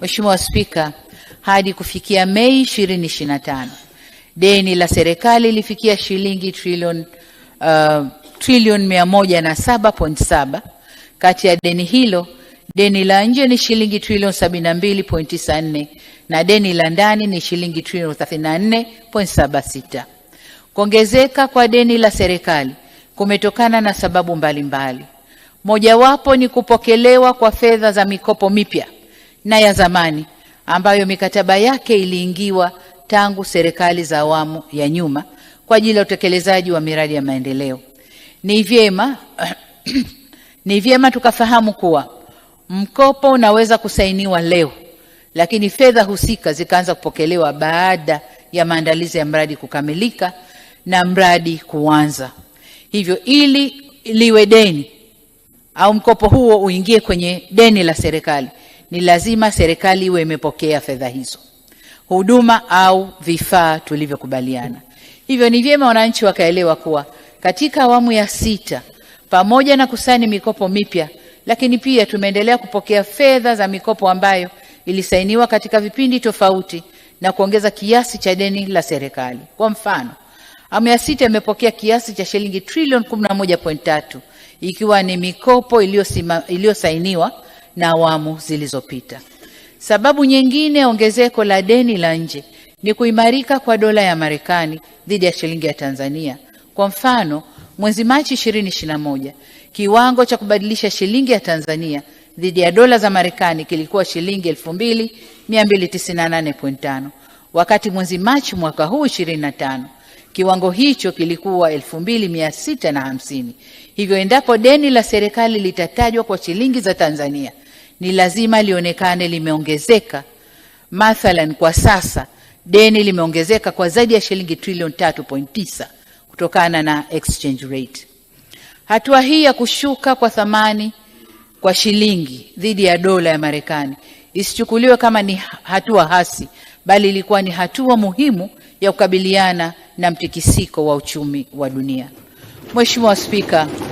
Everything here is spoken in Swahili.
Mheshimiwa Spika, hadi kufikia Mei 2025 deni la serikali lilifikia shilingi trilioni uh, trilioni 107.7. Kati ya deni hilo deni la nje ni shilingi trilioni 72.94 na deni la ndani ni shilingi trilioni 34.76. Kuongezeka kwa deni la serikali kumetokana na sababu mbalimbali, mojawapo ni kupokelewa kwa fedha za mikopo mipya na ya zamani ambayo mikataba yake iliingiwa tangu serikali za awamu ya nyuma kwa ajili ya utekelezaji wa miradi ya maendeleo. Ni vyema ni vyema tukafahamu kuwa mkopo unaweza kusainiwa leo, lakini fedha husika zikaanza kupokelewa baada ya maandalizi ya mradi kukamilika na mradi kuanza. Hivyo ili liwe deni au mkopo huo uingie kwenye deni la serikali, ni lazima serikali iwe imepokea fedha hizo, huduma au vifaa tulivyokubaliana. Hivyo ni vyema wananchi wakaelewa kuwa katika awamu ya sita, pamoja na kusaini mikopo mipya, lakini pia tumeendelea kupokea fedha za mikopo ambayo ilisainiwa katika vipindi tofauti na kuongeza kiasi cha deni la serikali. Kwa mfano, awamu ya sita imepokea kiasi cha shilingi trilioni 11.3 ikiwa ni mikopo iliyosainiwa na awamu zilizopita. Sababu nyingine ongezeko la deni la nje ni kuimarika kwa dola ya Marekani dhidi ya shilingi ya Tanzania. Kwa mfano, mwezi Machi 2021 kiwango cha kubadilisha shilingi ya Tanzania dhidi ya dola za Marekani kilikuwa shilingi 2298.5 wakati mwezi Machi mwaka huu 25 Kiwango hicho kilikuwa 2650. Hivyo endapo deni la serikali litatajwa kwa shilingi za Tanzania, ni lazima lionekane limeongezeka. Mathalan, kwa sasa deni limeongezeka kwa zaidi ya shilingi trilioni 3.9 kutokana na exchange rate. Hatua hii ya kushuka kwa thamani kwa shilingi dhidi ya dola ya Marekani isichukuliwe kama ni hatua hasi, bali ilikuwa ni hatua muhimu ya kukabiliana na mtikisiko wa uchumi wa dunia. Mheshimiwa Spika,